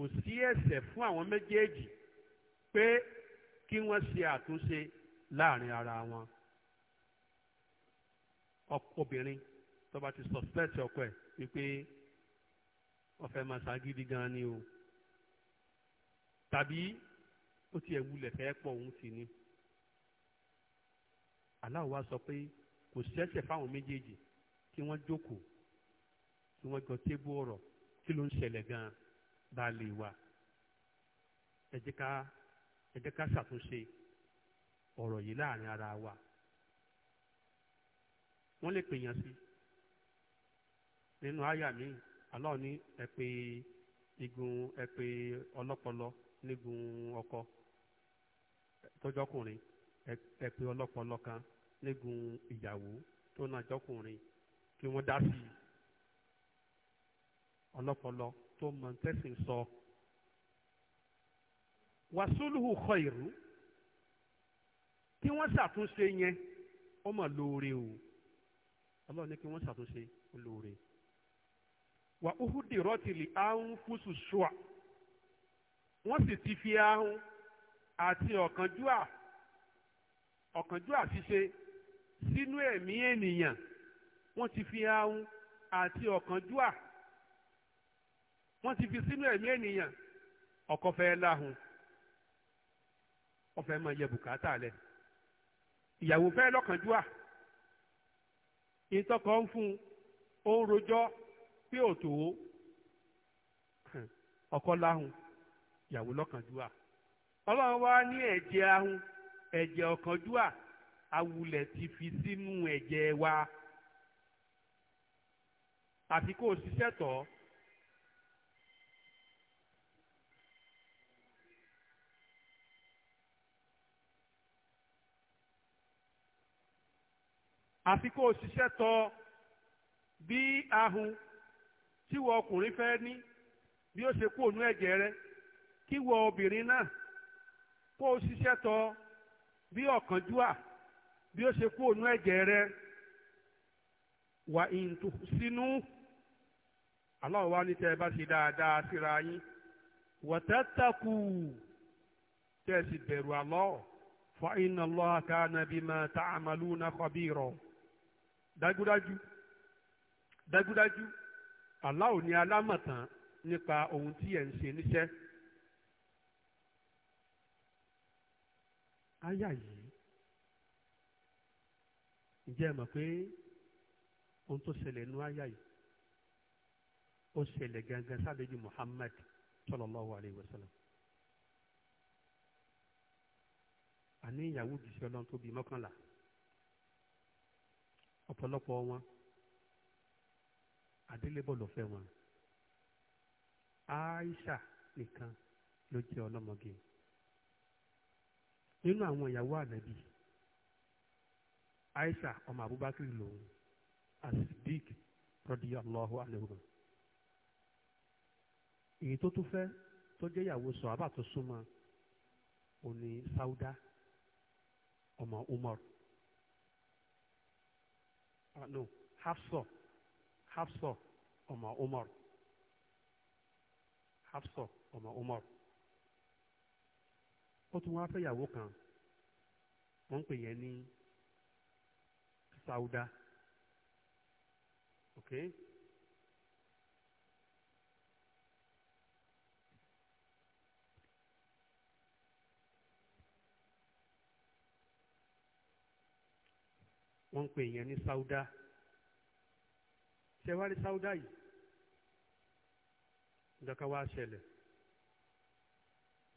kò sí ẹ̀ṣẹ̀ fún àwọn méjèèjì pé kí wọ́n ṣe àtúnṣe láàrin ara wọn obìnrin tó bá ti suspect ọkọ ẹ̀ wípé ọ̀fẹ́ máa ṣàgídí gan ni o tàbí ó tiẹ̀ wulẹ̀ fẹ́ pọ̀ òun sì ni Allah wá sọ pé kò ṣẹ̀ṣẹ̀ fáwọn méjèèjì kí wọ́n jókòó kí wọ́n jọ tébù ọ̀rọ̀ kí ló ń ṣẹlẹ̀ gan-an baálé wa ẹ jẹ́ ká ṣàtúnṣe ara wa wọ́n lè pèèyàn sí nínú àyà mi Allah ní ẹ pé igun ẹ pé ọlọ́pọlọ nígun ọkọ tọ́jọ́kùnrin ẹ pé ọlọ́pọlọ kan nígun ìyàwó tó náà jọ́kùnrin kí wọ́n dá sí i ọlọ́pọlọ tó mọ̀ tẹ́sìn sọ. wàsúlùhù khairu kí wọ́n ṣàtúnṣe yẹn ó mà lóore o Allah ní kí wọ́n ṣàtúnṣe ó lóore. wà úhùdì rọ́tìlì áhùn fúsù ṣùà wọ́n sì ti fi ahun àti ọ̀kánjúà ọ̀kánjúà ṣíṣe sínú ẹ̀mí ènìyàn wọ́n ti fi ahun àti ọ̀kánjúà wọ́n ti fi sínú ẹ̀mí ènìyàn ọkọ fẹ́ láhùn ọfẹ́ máa yẹ bùkátà lẹ̀ ìyàwó fẹ́ lọ́kànjúà ìtọ́kọ̀ ń fún un ó ń rojọ́ pé òtò ọkọ láhùn ìyàwó lọ́kànjúà ọlọ́run wá ní ẹ̀jẹ̀ ahun ẹ̀jẹ̀ ọ̀kánjúà awulẹ̀ ti fi sínú ẹ̀jẹ̀ wa àfi kó o ṣiṣẹ́ tọ̀ ọ́. àfi kó o ṣiṣẹ́ tọ bí ahun tí wọ ọkùnrin fẹ́ ní bí ó ṣe kú ònú ẹ̀jẹ̀ rẹ kí wọ obìnrin náà kó o ṣiṣẹ́ tọ bí ọ̀kánjúà bí ó ṣe kú ònú ẹ̀jẹ̀ rẹ wà ìǹtò sínú Allah wa ní tẹ́ ẹ bá ṣe dáadáa síra yín wọ̀tẹ́tẹ́kù tẹ́ ẹ sì bẹ̀rù fa dájúdájú dájúdájú Allah ni alámọ̀tán nípa ohun tí ẹ̀ ń ṣe níṣẹ́. áyà yìí ǹjẹ́ ẹ mọ̀ pé ohun tó ṣẹlẹ̀ nú áyà yìí ó ṣẹlẹ̀ gangan sábẹ́jú Muhammad sallallahu alayhi wa sallam. àní ìyàwó jùsọ̀ lọ́n tó bíi mọ́kànlá ọ̀pọ̀lọpọ̀ wọn àdélébọ̀ ló fẹ́ wọn Aisha nìkan ló jẹ́ ọlọ́mọge nínú àwọn ìyàwó ànábì Aisha ọmọ Abubakar lòun asidik radiyallahu anhu èyí tó tún fẹ́ tó jẹ́ ìyàwó sọ̀rọ̀ àbá òní Sauda ọmọ Umar uh, no Hafsa Hafsa ọmọ Umar Hafsa ọmọ Umar ó tún wá fẹ́yàwó kan wọ́n ń pè yẹn ní Sauda okay. wọ́n ń pè yẹn ní sáúdà ṣe wá rí sáúdà yìí ìjọka wá ṣẹlẹ̀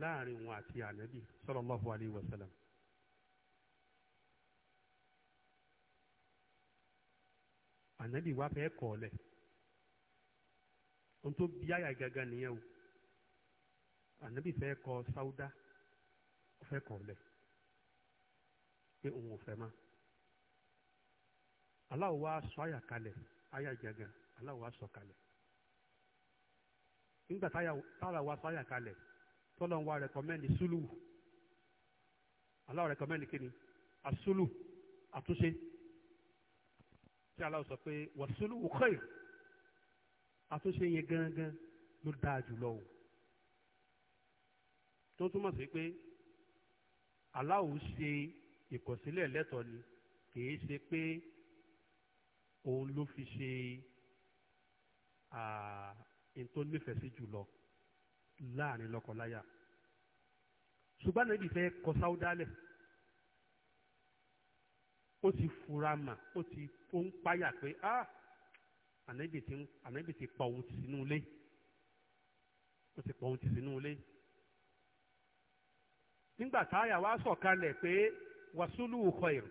láàrin wọn àti ànábì wa sallam. ànábì wá fẹ́ ọ́lẹ̀ ohun tó bí àyà nìyẹn o ànábì fẹ́ ọ́lẹ̀ pé òun Allah wá sọ àyà kalẹ̀ àyà jẹ̀gàn Allah wá sọ kalẹ̀ nígbà tára wá sọ àyà kalẹ̀ tọ́lọ́ wa rẹ̀kọ́mẹ́ndì sùlù Allah rẹ̀kọ́mẹ́ndì kíni àsùlù àtúnṣe tí Allah sọ pé wàsùlù khair àtúnṣe yẹn gangan ló dáa jùlọ o tó túmọ̀ sí pé Allah ṣe ìkọ̀sílẹ̀ lẹ́tọ̀ọ́ ni kì í ṣe pé òun ló fi ṣe ẹni tó nífẹ̀ẹ́ sí jùlọ láàrin lọ́kọláya ṣùgbọ́n níbi fẹ́ kọ sáúdálẹ̀ ó ti fura mà ó ti ó ń páyà pé ah ànábì ti ànábì ti pa òun ti sínú ilé ó ti pa òun ti sínú ilé nígbà táyà wá sọ̀kalẹ̀ pé wàsúlù khair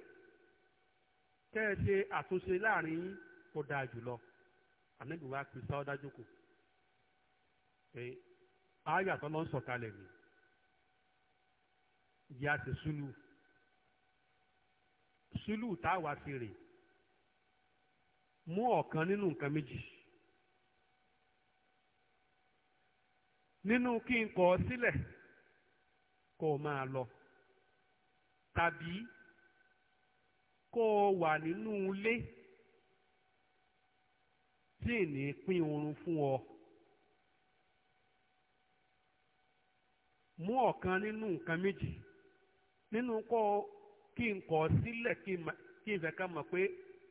tẹ́ẹ̀ṣe àtúnṣe láàrin yín kó dáa jùlọ ànábì wa pè sáwọ́ dájú kù pé ayàtọ̀ ló ń sọ̀kalẹ̀ mi ìyá ti sùlù sùlù táwa ti rè mú ọ̀kan nínú nǹkan méjì nínú kí n kọ̀ ọ́ sílẹ̀ kó o máa lọ tàbí kó o wà nínú ilé tí ní pín oorun fún ọ. mú ọ̀kan nínú nǹkan méjì nínú kó kí n kọ̀ sílẹ̀ kí n fẹ́ ká mọ̀ pé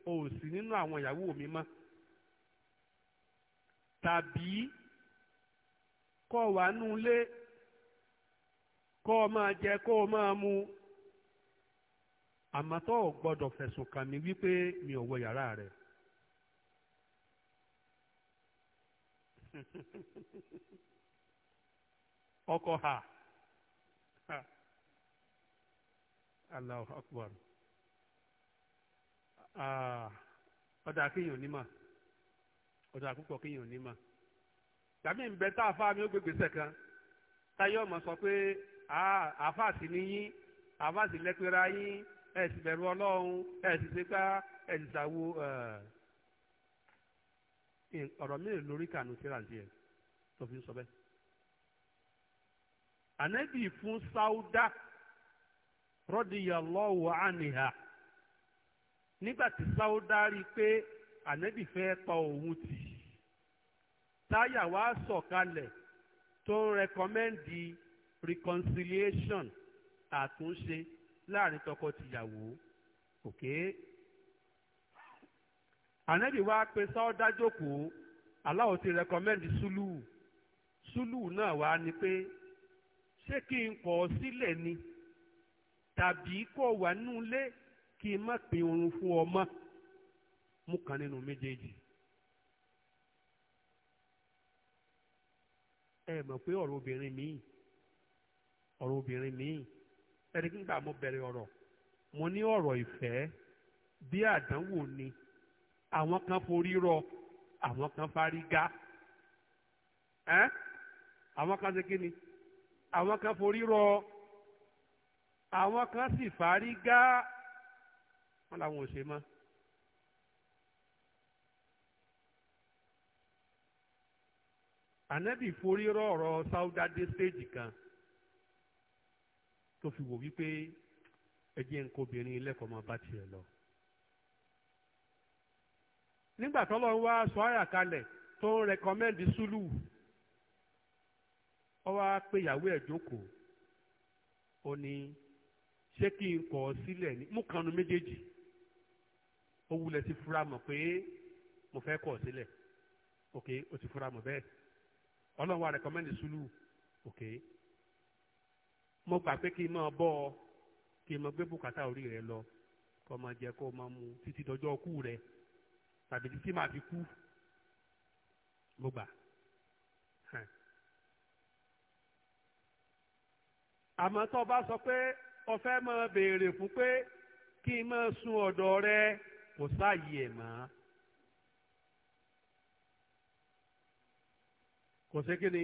o ò sí nínú àwọn ìyàwó mi mọ́ tàbí kó wà nínú ilé kó o máa jẹ kó o máa mu. àmọ́ tó gbọ́dọ̀ fẹ̀sùn kàn mí mi ò wọ yàrá rẹ̀. ọkọ ha ha akbar ah, ọ̀dà kéèyàn ní mà ọ̀dà púpọ̀ kéèyàn ní mà tàbí ìbẹ́ tá a fá mi ó gbé kan sọ pé ah, àáfàá sì ní yín àáfàá sì lẹ́pẹ́ra yín. ẹ sì bẹ̀rù ọlọ́run ẹ sì ṣe gbá ẹ sì ṣàwo ọ̀rọ̀ mìíràn lórí kànú síra ní tiẹ̀ tó fi ń sọ bẹ́ẹ̀. ànábì fún sáúdà rọ́dìyàlọ́wù àníhà nígbà tí sáúdà rí i pé ànábì fẹ́ pa òun tì táyà wá sọ̀kalẹ̀ tó ń rẹkọmẹ́ndì reconciliation àtúnṣe láàrin tọkọ-tìyàwó òkè. ànábì wa pe sọ́ọ́dá jókòó aláwo ti rẹkọmẹ́ndì sùlù sùlù náà wá ni pé ṣé kí n kọ̀ ọ́ sílẹ̀ ni tàbí kó wà nínú ilé kí n má pín oorun fún ọ mú kan nínú méjèèjì. ẹ mọ̀ pé ọ̀rọ̀ obìnrin míì ọ̀rọ̀ obìnrin míì ẹni nígbà mo bẹ̀rẹ̀ ọ̀rọ̀ mo ní ọ̀rọ̀ ìfẹ́ bí àdánwò ni àwọn kan forí rọ àwọn kan fárígá ẹ́ àwọn kan ṣe kí ni àwọn kan forí rọ àwọn kan sì fárígá wọn làwọn ò ṣe mọ́. ànábì forí rọ ọ̀rọ̀ sáúdà stéèjì kan. tó fi wò wípé ẹjẹ́ ń kóbìnrin lẹ́kọ̀ọ́ máa bá tiẹ̀ lọ. nígbà tọ́lọ́ wá sọ àyà kalẹ̀ tó ń rẹkọmẹ́ndì sùlù ó wá pé ìyàwó ẹ̀ jókòó ó ní ṣé kí n kọ̀ ọ́ sílẹ̀ ní mú kanu méjèèjì ó wulẹ̀ ti fura mọ̀ pé mo fẹ́ kọ̀ ọ́ sílẹ̀ ok ó ti fura mọ̀ bẹ́ẹ̀ ọlọ́run wa rẹkọmẹ́ndì sùlù ok mo gbà pé kí n máa bọ́ ọ kí n máa gbé bùkátà orí rẹ lọ kó máa jẹ kó máa mu títí dọjọ́ ọkú rẹ tàbí títí màá fi kú mo gbà. àmọ́ tó o bá sọ pé o fẹ́ máa béèrè fún pé kí n máa sun ọ̀dọ̀ rẹ kò sáàyè ẹ̀ mọ́. kò sí kí ni.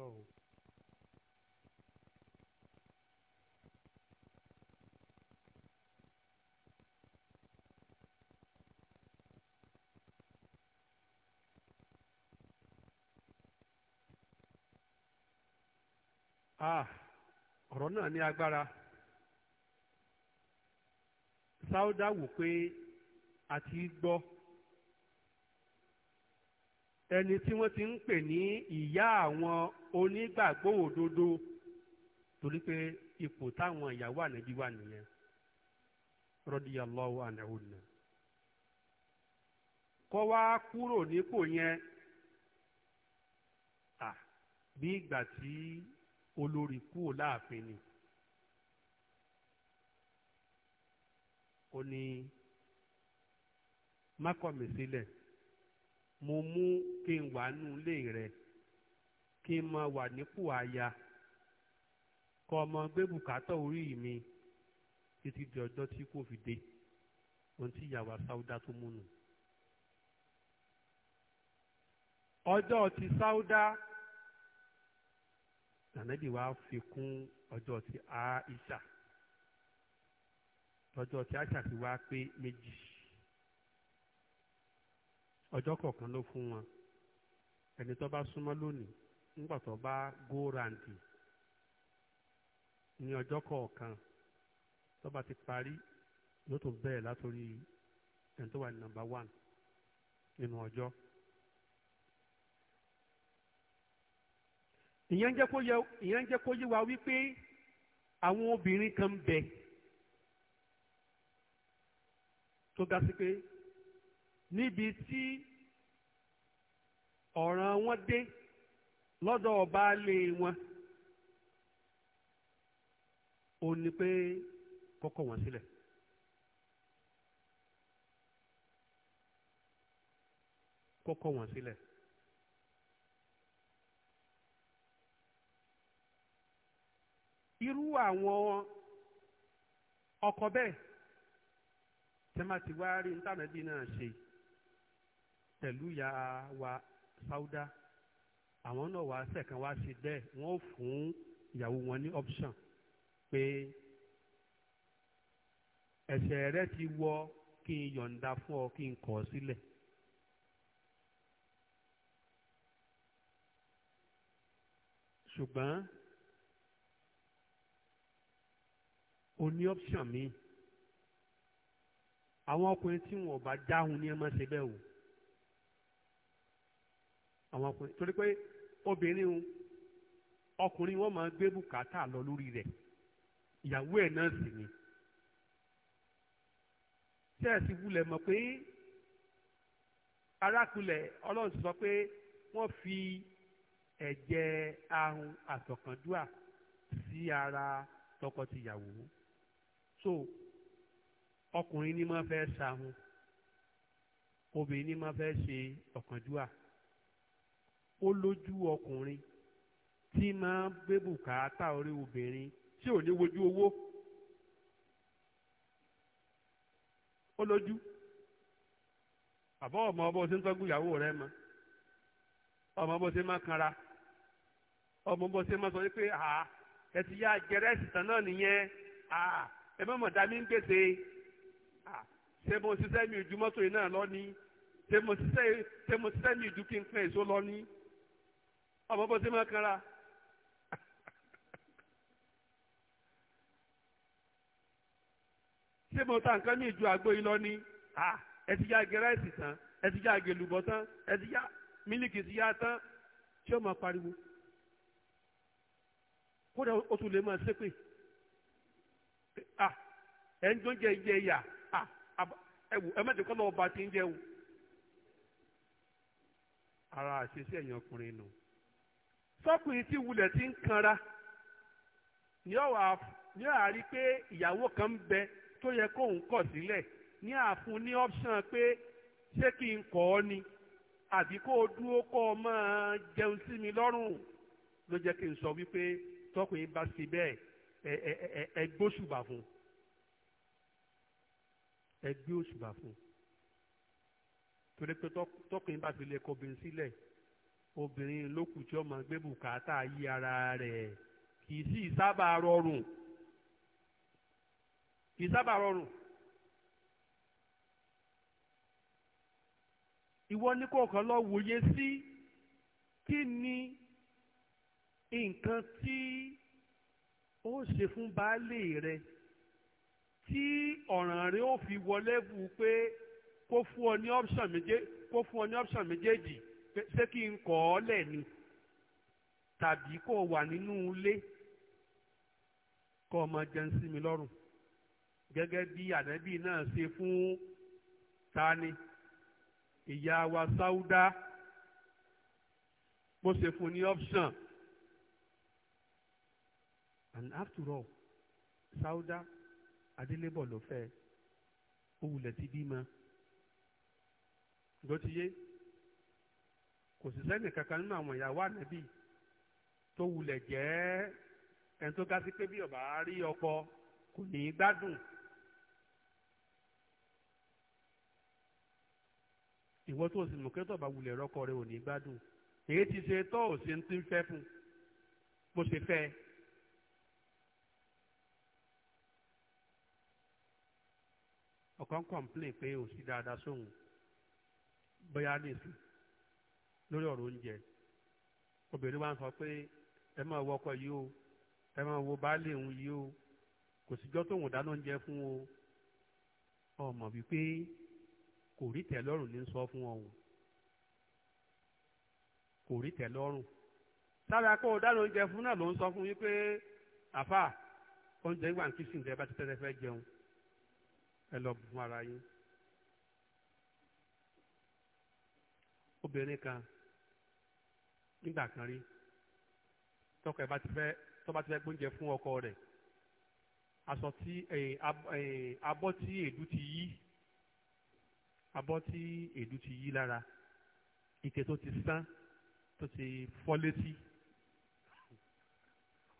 know. Ah, ọ̀rọ̀ náà ní agbára. Sáúdà wò pé a ti gbọ́. ẹni tí wọ́n ti ń pè ní ìyá àwọn onígbàgbọ́ òdodo torí pé ipò táwọn ìyàwó ànábì wà nìyẹn radiyallahu anhunna kọ́ wá kúrò nípò yẹn à bí ìgbà tí olórí kúrò láàfin ni ó ní mákọ̀mí sílẹ̀. Si mo mú kí n wà nù ilé rẹ kí n máa wà nípò aya kọ ọmọ gbé bùkátà orí mi títí di ọjọ́ tí kò fi dé ohun tí ìyàwó sáúdà tó múnu. ọjọ́ ti sáúdà nànẹ́bí wa fi kún ọjọ́ ti aisha ọjọ́ ti aisha fi wá pé méjì ọjọ́ kọ̀ọ̀kan ló fún wọn ẹni tó bá súnmọ́ lónìí nígbà tó bá góòràǹdì ní ọjọ́ kọ̀ọ̀kan tó bá ti parí yóò tún bẹ́ẹ̀ látòrí ẹni tó wà ní nọ́mbà one nínú ọjọ́. ìyẹn ń jẹ́ kó yé wa wípé àwọn obìnrin kan ń bẹ tó ga sí pé níbi tí ọ̀ràn wọn dé lọ́dọ̀ baálé wọn ó ní pé kọ́kọ́ wọn sílẹ̀. kọ́kọ́ wọn sílẹ̀. irú àwọn ọkọ bẹ́ẹ̀ tẹ́ máa ti wá rí ntànàbí náà ṣe. pẹ̀lú ìyá wa Sáúdà àwọn náà wàá sẹ̀kan wá sí bẹ́ẹ̀ wọ́n ò fún ìyàwó wọn ní option pé ẹ̀ṣẹ̀ rẹ ti wọ kí n yọ̀ǹda fún ọ kí n kọ̀ ọ́ sílẹ̀. ṣùgbọ́n o ní option mi àwọn ọkùnrin tí wọn ò bá dáhùn ní ẹ má ṣe bẹ́ẹ̀ o àwọn ọkùnrin torí pé obìnrin ọkùnrin wọn máa gbé bùkátà lọ lórí rẹ̀ ìyàwó ẹ̀ náà sì ni tí ẹ̀ sì wulẹ̀ mọ̀ pé arákulẹ̀ ọlọ́run sọ pé wọ́n fi ẹ̀jẹ̀ ahun àtọ̀kàndúà sí ara tọkọtìyàwó so ọkùnrin ni máa fẹ́ sahun obìnrin ni máa fẹ́ ṣe ọ̀kàndúà ó lójú ọkùnrin tí máa ń gbé bùkátà orí obìnrin tí ò ní wojú owó ó lójú àbọ̀ ọmọ ọbọ̀ ṣe ń tọ́gbù ìyàwó rẹ mọ́ ọmọ ọbọ̀ ṣe máa kanra ọmọ ọbọ̀ ṣe máa sọ pé àá ẹ ti yá gẹrẹ́sì tán náà nìyẹn ẹ mọ̀mọ́ dá mi ń gbèsè ṣé mo ṣiṣẹ́ mi ò ju mọ́tò yìí náà lọ ní ṣé mo ṣiṣẹ́ mi ò ju kí n pín èso lọ ní ọmọ bó ṣe máa kanra. ṣé mo ta nǹkan ní ìjọ àgbo yìí lọ ni ẹ ti já gẹrẹ́sì tán ẹ ti já gèlùbọ́ tán ẹ ti já mílíkì ti já tán ṣé o máa pariwo kódà o tún lè máa ṣépè ẹ ń jọ́njẹ ìjẹ ìyà ẹ má ti kọ́ lọ́wọ́ bá ti ń jẹun ara àṣeṣe ẹ̀yìn ọkùnrin nù. No tọkùnrin tí wulẹ̀ ti ń kanra ní ọ̀wà ní àárí pé ìyàwó kan ń bẹ tó yẹ kóun kọ̀ sílẹ̀ ní àfún ní option pé ṣé kí n kọ̀ ọ́ ni àbí kó o dúró kọ́ ọ máa jẹun sí mi lọ́rùn ló jẹ́ kí n sọ wípé tọkùnrin bá ṣe bẹ́ẹ̀ ẹ gbóṣùbà fún ẹ gbé òṣùbà fún torí pé tọkùnrin bá fi lè kọbìnrin sílẹ̀ obìnrin lókù tí ọmọ gbé bùkátà yí ara rẹ̀ kì í sì sábà rọrùn kì í sábà rọrùn. ìwọ ní kọ̀ọ̀kan lọ wòye sí kí ni nǹkan tí ó ṣe fún baálé rẹ tí ọ̀ràn rẹ ó fi wọlé bù pé kó fún ọ ní option méjèèjì ṣé kí n kọ̀ ọ́ lẹ̀ ni tàbí kó wà nínú ilé kó ọmọ jẹun sí mi lọ́rùn gẹ́gẹ́ bí ànábì náà ṣe fún tani ìyá wa sáúdá bó ṣe fún ní option and after all sáúdá adélébọ̀ ló fẹ́ ó wulẹ̀ ti bímọ ló kò sì sẹ́nì kankan nínú àwọn ìyàwó ànábì tó wulẹ̀ jẹ́ ẹni tó ga sí pé bí ọba rí ọkọ kò ní í gbádùn. ìwọ tó o sì mọ̀ pé tọ́ba wulẹ̀ rọ́kọ rẹ ò ní í gbádùn èyí ti ṣe tọ́ ò ṣe ń tí ń fẹ́ fún bó ṣe fẹ́ ọ̀kan kọ̀ǹplé pé ò sí dáadáa sóhun bóyá ní ìsìn lórí ọ̀rọ̀ oúnjẹ obìnrin wa ń sọ pé ẹ máa wọkọ yìí o ẹ máa wo baálé òun yìí o kò síjọ́ tóun dáná oúnjẹ fún o ọmọ wípé kò rí tẹ́ lọ́rùn ní sọ fún ọ̀hún kò rí tẹ́ lọ́rùn sára kó o dáná oúnjẹ fún náà ló ń sọ fún yín pé àfà oúnjẹ wà ní kìsìn tẹ́ bá ti fẹ́ jẹun ẹ lọ bùn ara yín obìnrin kan nígbà kan rí tọkọ ẹ bá ti fẹ́ tó bá ti fẹ́ gbóúnjẹ fún ọkọ rẹ̀ aṣọ tí abọ́ tí èédú ti yí abọ́ tí èédú ti yí lára ike tó ti sán tó ti fọ́ létí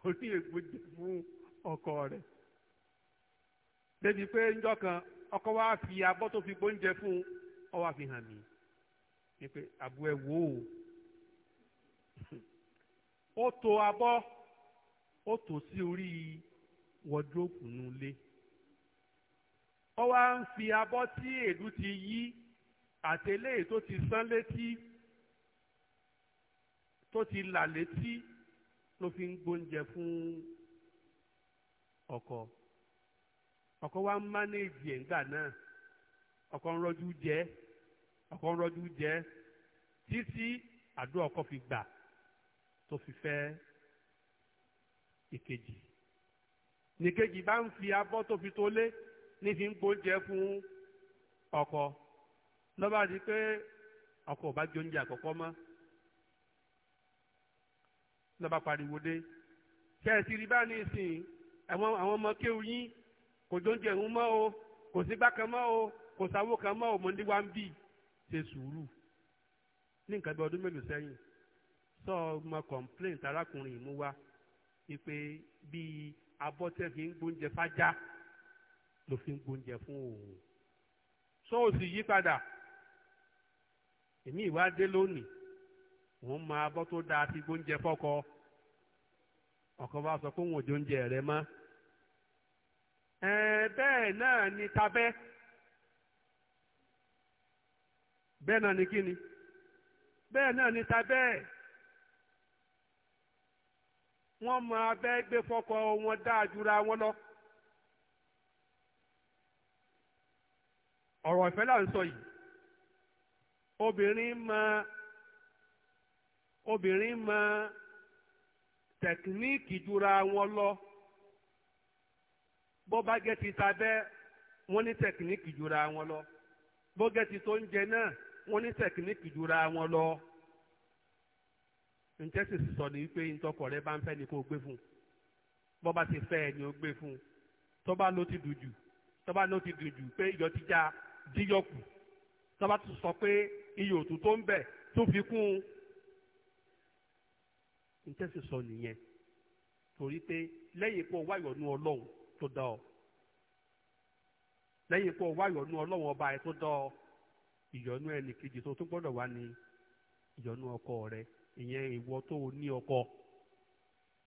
orí ègbóúnjẹ fún ọkọ rẹ̀ débi pé ńjọ́ kan ọkọ wa fi abọ́ tó fi gbóúnjẹ fún ọ wá fi hàn mí ni pé àbú ẹ wò ó. ó to abọ́ ó tò sí orí wọ́dúrópù nulé ó wá ń fi abọ́ tí èlú ti yí àtẹlẹ́yìn tó ti sán létí tó ti là létí ló fi ń gbóúnjẹ fún ọkọ ọkọ wa ń mánéèjì ẹ̀ ńgbà náà ọkọ ń rọjú jẹ ọkọ ń rọjú jẹ títí àdó ọkọ fi gbà tó fi fẹ́ ìkejì nìkejì bá ń fi abọ́ tó fi tó lé ní fi ń gbóúnjẹ fún ọkọ lọ́ba di pé ọkọ ò bá jẹ oúnjẹ àkọ́kọ́ mọ́ lọ́ba pariwo dé kẹ́ẹ̀sì rí bá ní ìsìn àwọn ọmọ kéwu yín kò jóúnjẹ ń mọ́ o kò sí bákan mọ́ o kò sáwó kan mọ́ o mọ̀ ní wá ń bì ṣe sùúrù ní nǹkan bí ọdún mélòó sẹ́yìn sọ ọmọ complaint arákùnrin yìí mú wá wípé bíi abọ́tẹ́ fi ń gbóúnjẹ fájá ló fi ń gbóúnjẹ fún òun sọ ò sì yí padà èmi ìwà dé lónìí òun máa abọ́ tó dáa fi gbóúnjẹ fọ́kọ ọkọ bá sọ pé òun ò jẹ oúnjẹ rẹ mọ́ bẹ́ẹ̀ náà ni tabẹ́ bẹ́ẹ̀ náà ni kíni bẹ́ẹ̀ náà ni tabẹ́ẹ̀. wọ́n máa fẹ́ gbé fọ́kọ wọn dáadúrà wọn lọ. ọ̀rọ̀ ìfẹ́ là ń sọ yìí obìnrin mọ obìnrin mọ tẹkiníìkì jura wọn lọ bó bá gẹ́ ti tabẹ́ wọ́n ní tẹkiníìkì jura wọn lọ bó gẹ́ ti tó ń jẹ náà wọ́n ní tẹkiníìkì jura wọn lọ ntẹ́sì sọ ni wípé ntọ́kọ̀ rẹ bá ń fẹ́ ni kó o gbé fún un bọ́ bá ti fẹ́ ẹ ni o gbé fún un tọ́ba ló ti dùn jù tọ́ba ló ti dùn jù pé iyọ̀ ti já díyọ̀ kù tọ́ba ti sọ pé iyọ̀ òtún tó ń bẹ̀ tó fi kún un ntẹ́sì sọ nìyẹn torí pé lẹ́yìn pé o wá ìyọ̀nú ọlọ́run tó dá ọ lẹ́yìn pé o wá ìyọ̀nú ọlọ́run ọba ẹ tó dá ọ ìyọ̀nú ẹnì kejì tó tún gbọ́dọ̀ wá ní ìyọ̀nú ọkọ rẹ ìyẹn ìwọ tó o ní ọkọ.